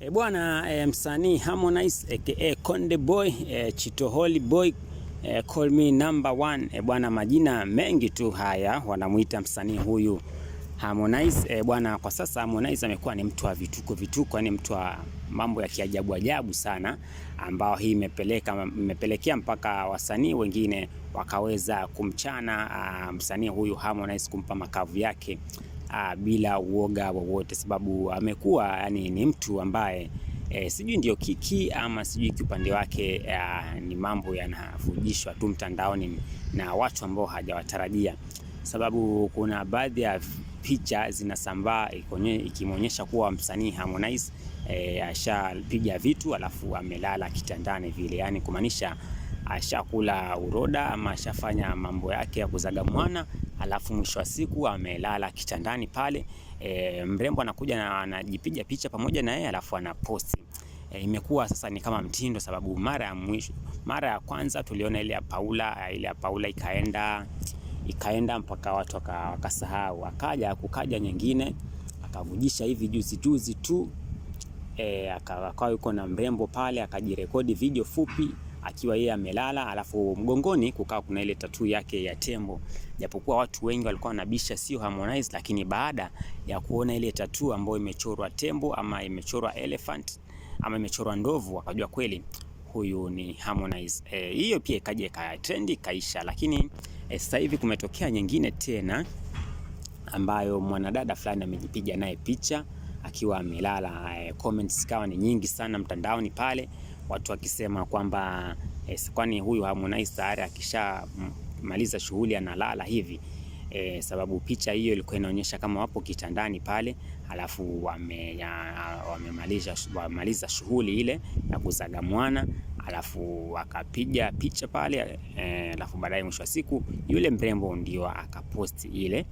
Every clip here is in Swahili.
E bwana e, msanii Harmonize aka Konde Boy e, eh, Chitoholi Boy e, call me number one e, bwana majina mengi tu haya wanamuita msanii huyu Harmonize e, bwana kwa sasa Harmonize amekuwa ni mtu wa vituko vituko, yani mtu wa mambo ya kiajabu ajabu sana, ambao hii imepeleka imepelekea mpaka wasanii wengine wakaweza kumchana ah, msanii huyu Harmonize kumpa makavu yake uh, bila uoga wowote, sababu amekuwa yani ni mtu ambaye E, sijui ndio kiki ama sijui kiupande wake ya, ah, ni mambo yanafujishwa tu mtandaoni na watu ambao hajawatarajia, sababu kuna baadhi ya picha zinasambaa ikimwonyesha kuwa msanii Harmonize e, ashapiga vitu alafu amelala kitandani vile, yani kumaanisha ashakula uroda ama ashafanya mambo yake ya kuzaga mwana alafu mwisho wa siku amelala kitandani pale e, mrembo anakuja na anajipiga picha pamoja na yeye alafu anaposti. E, imekuwa sasa ni kama mtindo, sababu mara ya mwisho, mara ya kwanza tuliona ile ya Paula, ile ya Paula ikaenda ikaenda mpaka watu wakasahau, akaja kukaja nyingine akavujisha hivi juzi juzi tu e, akawa yuko na mrembo pale akajirekodi video fupi akiwa yeye amelala, alafu mgongoni kukawa kuna ile tatuu yake ya tembo. Japokuwa watu wengi walikuwa wanabisha sio Harmonize, lakini baada ya kuona ile tatuu ambayo imechorwa tembo ama imechorwa elephant ama imechorwa ndovu, wakajua kweli huyu ni Harmonize. E, hiyo pia ikaja ka trend kaisha, lakini e, sasa hivi kumetokea nyingine tena ambayo mwanadada fulani amejipiga naye picha akiwa amelala. Eh, comments kawa ni nyingi sana mtandaoni pale, watu wakisema kwamba e, kwani huyu Harmonize tayari akishamaliza mm, shughuli analala hivi E, sababu picha hiyo ilikuwa inaonyesha kama wapo kitandani pale, alafu wamemaliza wamemaliza shughuli ile ya kuzaga mwana alafu akapiga picha pale eh, alafu baadaye mwisho wa siku yule mrembo ndio akaposti ile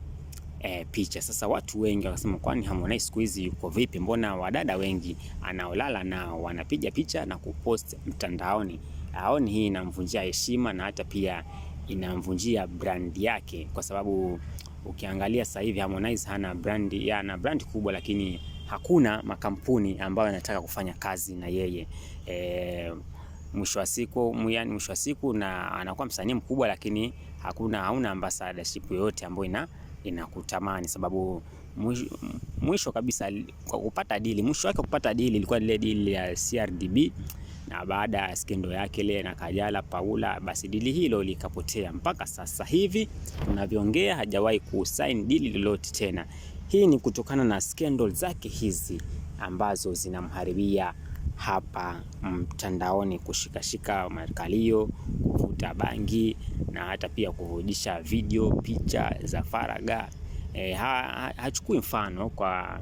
e, picha. Sasa watu wengi wakasema, kwani Harmonize siku hizi yuko vipi? Mbona wadada wengi anaolala nao wanapiga picha na kupost mtandaoni? Aoni hii inamvunjia heshima na hata pia inamvunjia brand yake, kwa sababu ukiangalia sasa hivi Harmonize hana brand, ya ana brand kubwa lakini hakuna makampuni ambayo yanataka kufanya kazi na yeye e, mwisho wa siku yani, mwisho wa siku na anakuwa msanii mkubwa, lakini hakuna hauna ambassadorship yoyote ambayo ina inakutamani sababu mwisho, mwisho kabisa kwa kupata dili, mwisho wake kupata dili ilikuwa ile dili ya CRDB na baada ya skendo yake ile na Kajala Paula, basi dili hilo likapotea. Mpaka sasa hivi tunavyoongea, hajawahi kusign dili lolote tena. Hii ni kutokana na skendo zake hizi ambazo zinamharibia hapa mtandaoni, kushikashika makalio kuvuta bangi na hata pia kurudisha video, picha za faraga. E, eh, ha, ha, hachukui mfano kwa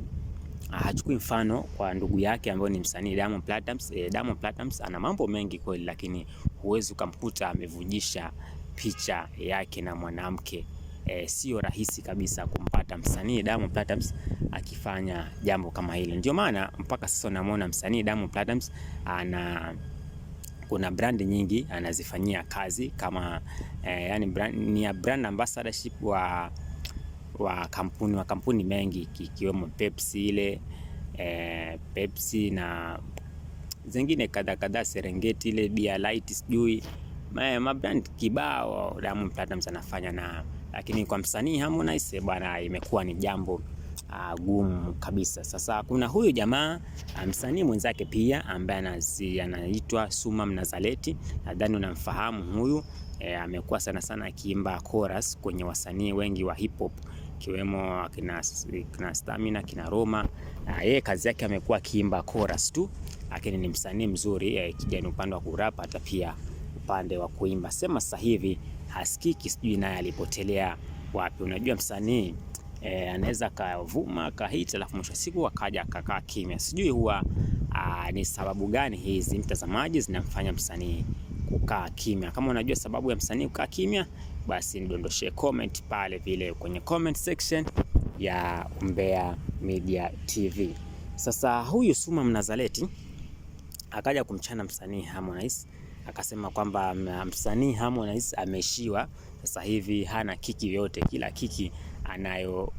hachukui mfano kwa ndugu yake ambayo ni msanii Diamond Platnumz. E, Diamond Platnumz ana mambo mengi kweli, lakini huwezi ukamkuta amevujisha picha yake na mwanamke. E, sio rahisi kabisa kumpata msanii Diamond Platnumz akifanya jambo kama hilo. Ndio maana mpaka sasa unamwona msanii Diamond Platnumz ana kuna brand nyingi anazifanyia kazi kama eh, yani brand, ni ya brand ambassadorship wa, wa kampuni wa kampuni mengi ikiwemo Pepsi ile eh, Pepsi na zingine kadha kadha, Serengeti ile Bia Light sijui mabrand kibao Diamond Platnumz anafanya na, lakini kwa msanii Harmonize bwana, imekuwa ni jambo Uh, gumu kabisa. Sasa kuna huyu jamaa uh, msanii um, mwenzake pia ambaye anaitwa Suma Mnazaleti, nadhani unamfahamu huyu e, amekuwa sana sana akiimba chorus kwenye wasanii wengi wa hip hop kiwemo kina, kina Stamina kina Roma. Yeye kazi yake amekuwa akiimba chorus tu, lakini ni msanii mzuri e, eh, kijana upande wa kurapa hata pia upande wa kuimba. Sema sasa hivi hasikiki, sijui naye alipotelea wapi. Unajua msanii e, anaweza kavuma akahit, alafu mwisho siku akaja akakaa kimya. Sijui huwa ni sababu gani hizi mtazamaji zinamfanya msanii kukaa kimya. Kama unajua sababu ya msanii kukaa kimya, basi nidondoshee comment pale vile kwenye comment section ya Umbea Media TV. Sasa huyu Suma Mnazaleti akaja kumchana msanii Harmonize akasema kwamba msanii Harmonize ameishiwa sasa hivi, hana kiki yoyote, kila kiki anayo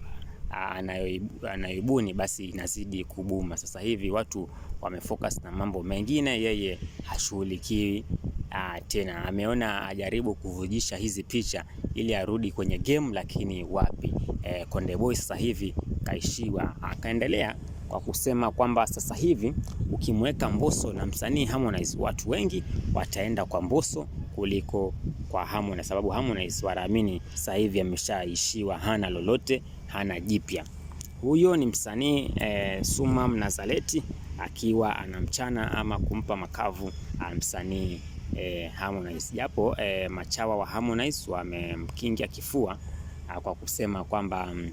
anayoibuni basi inazidi kubuma. Sasa hivi watu wamefocus na mambo mengine, yeye hashughulikiwi ah, tena. Ameona ajaribu kuvujisha hizi picha ili arudi kwenye game, lakini wapi. E, Konde Boy sasa hivi kaishiwa, akaendelea kwa kusema kwamba sasa hivi ukimweka Mbosso na msanii Harmonize, watu wengi wataenda kwa Mbosso kuliko kwa Harmonize, sababu Harmonize wanaamini sasa hivi ameshaishiwa, hana lolote, hana jipya. Huyo ni msanii e, Suma Mnazaleti akiwa anamchana ama kumpa makavu ah, msanii e, Harmonize, japo e, machawa wa Harmonize wamemkingia kifua a, ah, kwa kusema kwamba mm,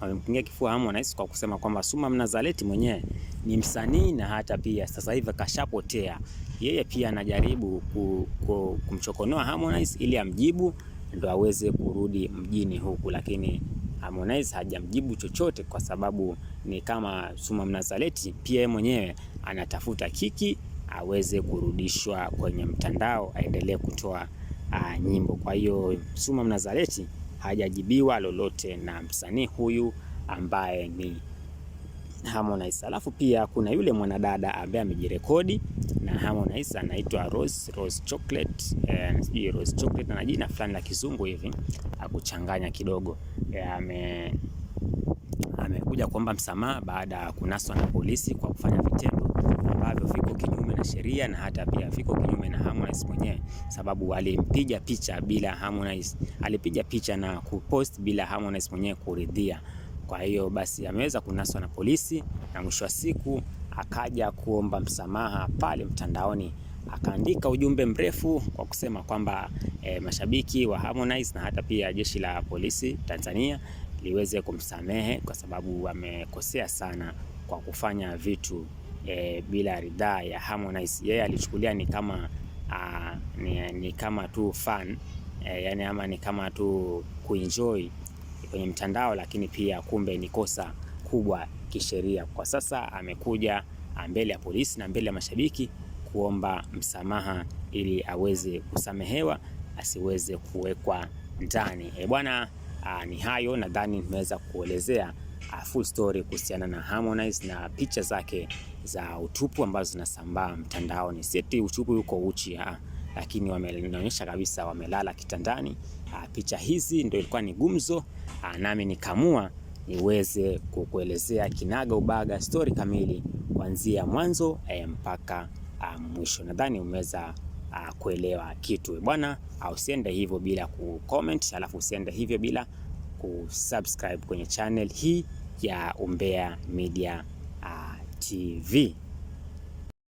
wamempungia kifua hamu, kwa kusema kwamba Suma Mnazaleti mwenyewe ni msanii na hata pia sasa hivi kashapotea. Yeye pia anajaribu ku, ku, kumchokonoa Harmonize ili amjibu ndo aweze kurudi mjini huku, lakini Harmonize hajamjibu chochote, kwa sababu ni kama Suma Mnazaleti pia yeye mwenyewe anatafuta kiki aweze kurudishwa kwenye mtandao aendelee kutoa a, ah, nyimbo. Kwa hiyo Suma Mnazaleti hajajibiwa lolote na msanii huyu ambaye ni Harmonize. Alafu pia kuna yule mwanadada ambaye amejirekodi na Harmonize anaitwa Rose Rose Chocolate, eh, Rose Chocolate na jina fulani la kizungu hivi akuchanganya kidogo eh, ame amekuja kuomba msamaha baada ya kunaswa na polisi kwa kufanya vitendo ambavyo viko kinyume sheria na hata pia viko kinyume na Harmonize mwenyewe, sababu alimpiga picha bila Harmonize, alipiga picha na kupost bila Harmonize mwenyewe kuridhia. Kwa hiyo basi ameweza kunaswa na polisi na mwisho wa siku akaja kuomba msamaha pale mtandaoni, akaandika ujumbe mrefu kwa kusema kwamba e, mashabiki wa Harmonize na hata pia jeshi la polisi Tanzania liweze kumsamehe kwa sababu amekosea sana kwa kufanya vitu e, bila ridhaa ya Harmonize. Yeye alichukulia ni kama a, ah, ni, ni kama tu fan e, yani ama ni kama tu kuenjoy kwenye mtandao, lakini pia kumbe ni kosa kubwa kisheria. Kwa sasa amekuja ah, mbele ya polisi na mbele ya mashabiki kuomba msamaha ili aweze kusamehewa asiweze kuwekwa ndani. E bwana, ah, ni hayo nadhani nimeweza kuelezea uh, full story kuhusiana na Harmonize na picha zake za utupu ambazo zinasambaa mtandaoni. Si eti utupu yuko uchi uh, lakini wameonyesha kabisa wamelala kitandani. Uh, picha hizi ndio ilikuwa ni gumzo uh, nami nikamua niweze kukuelezea kinaga ubaga story kamili kuanzia mwanzo eh, mpaka uh, mwisho. Nadhani umeweza uh, kuelewa kitu bwana, usiende hivyo bila kucomment, alafu usiende hivyo bila kusubscribe kwenye channel hii ya Umbea Media uh, TV.